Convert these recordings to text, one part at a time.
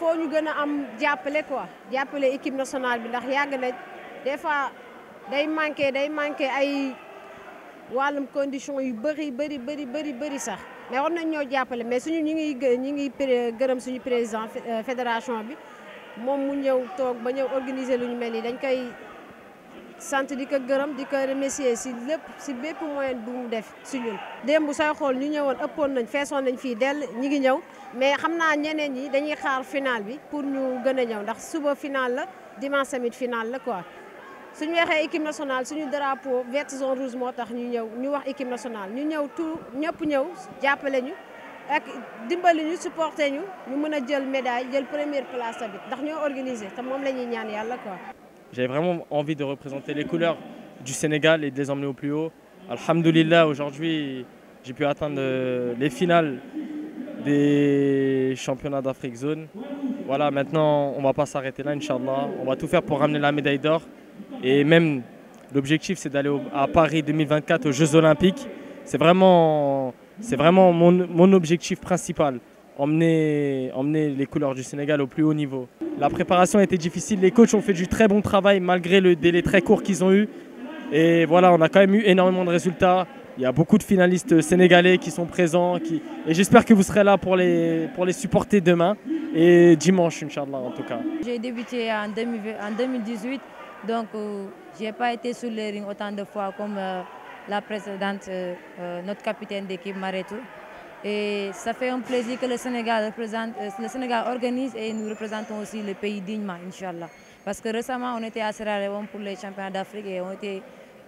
foo ñu gën a am jàppale quoi jàppale équipe nationale bi ndax yàgg nañ des fois day manqué day manqué ay wàllum condition yu bëri bëri bëri bëri bëri sax mais war nañ ñoo jàppale mais suñu ñu ngi ñu ngi gërëm suñu président fédération bi moom mu ñëw toog ba ñëw organiser lu ñu mel ni dañ koy sant di ko gërëm di ko remercier si lépp si bépp moyen bu mu def si ñun. démb sooy xool ñu ñëwoon ëppoon nañ feesoon nañ fii dell ñi ngi ñëw mais xam naa ñeneen yi dañuy xaar final bi pour ñu gën a ñëw ndax suba final la dimanche tamit final la quoi. suñu waxee équipe nationale suñu drapeau vert jaune rouge moo tax ñu ñëw ñu wax équipe nationale ñu ñëw tout ñëpp ñëw jàppale ñu ak dimbali ñu supporter ñu ñu mën a jël médaille jël première place tamit ndax ñoo organisé te moom la ñuy ñaan yàlla quoi. J'avais vraiment envie de représenter les couleurs du Sénégal et de les emmener au plus haut. Alhamdulillah, aujourd'hui, j'ai pu atteindre euh, les finales des championnats d'Afrique zone. Voilà, maintenant, on ne va pas s'arrêter là, Inch'Allah. On va tout faire pour ramener la médaille d'or. Et même, l'objectif, c'est d'aller à Paris 2024 aux Jeux Olympiques. C'est vraiment, vraiment mon objectif principal emmener, emmener les couleurs du Sénégal au plus haut niveau. La préparation a été difficile, les coachs ont fait du très bon travail malgré le délai très court qu'ils ont eu. Et voilà, on a quand même eu énormément de résultats. Il y a beaucoup de finalistes sénégalais qui sont présents. Qui... Et j'espère que vous serez là pour les, pour les supporter demain et dimanche, Inch'Allah, en tout cas. J'ai débuté en, en 2018, donc euh, je n'ai pas été sur les rings autant de fois comme euh, la précédente, euh, notre capitaine d'équipe Maretou. Et ça fait un plaisir que euh, le Sénégal, organise et nous représentons aussi le pays dignement, Inch'Allah. Parce que récemment, on était à Sierra Leone pour les championnats d'Afrique et on était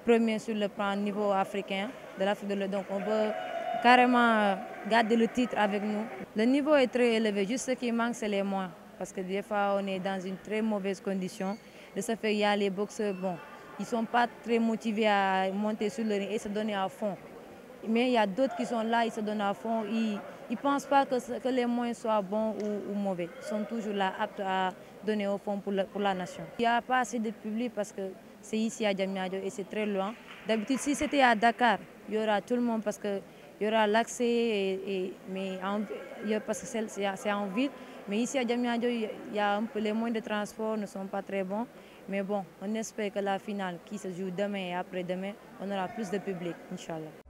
premier sur le plan niveau africain de l'Afrique de l'Ouest. Donc on veut carrément euh, garder le titre avec nous. Le niveau est très élevé, juste ce qui manque, c'est les mois. Parce que des fois, on est dans une très mauvaise condition. De ce fait, il y a les boxeurs, bon, ils ne sont pas très motivés à monter sur le ring et se donner à fond. Mais il y a d'autres qui sont là, ils se donnent à fond, ils ne pensent pas que, les moyens soient bons ou, mauvais. Ils sont toujours là, aptes à donner au fond pour la, nation. Il n'y a pas assez de public parce que c'est ici à Djamnadio et c'est très loin. D'habitude, si c'était à Dakar, il y aura tout le monde parce qu'il y aura l'accès, et, mais parce que c'est en ville. Mais ici à Djamnadio, il y a un peu, les moyens de transport ne sont pas très bons. Mais bon, on espère que la finale qui se joue demain et après-demain, on aura plus de public, Inch'Allah.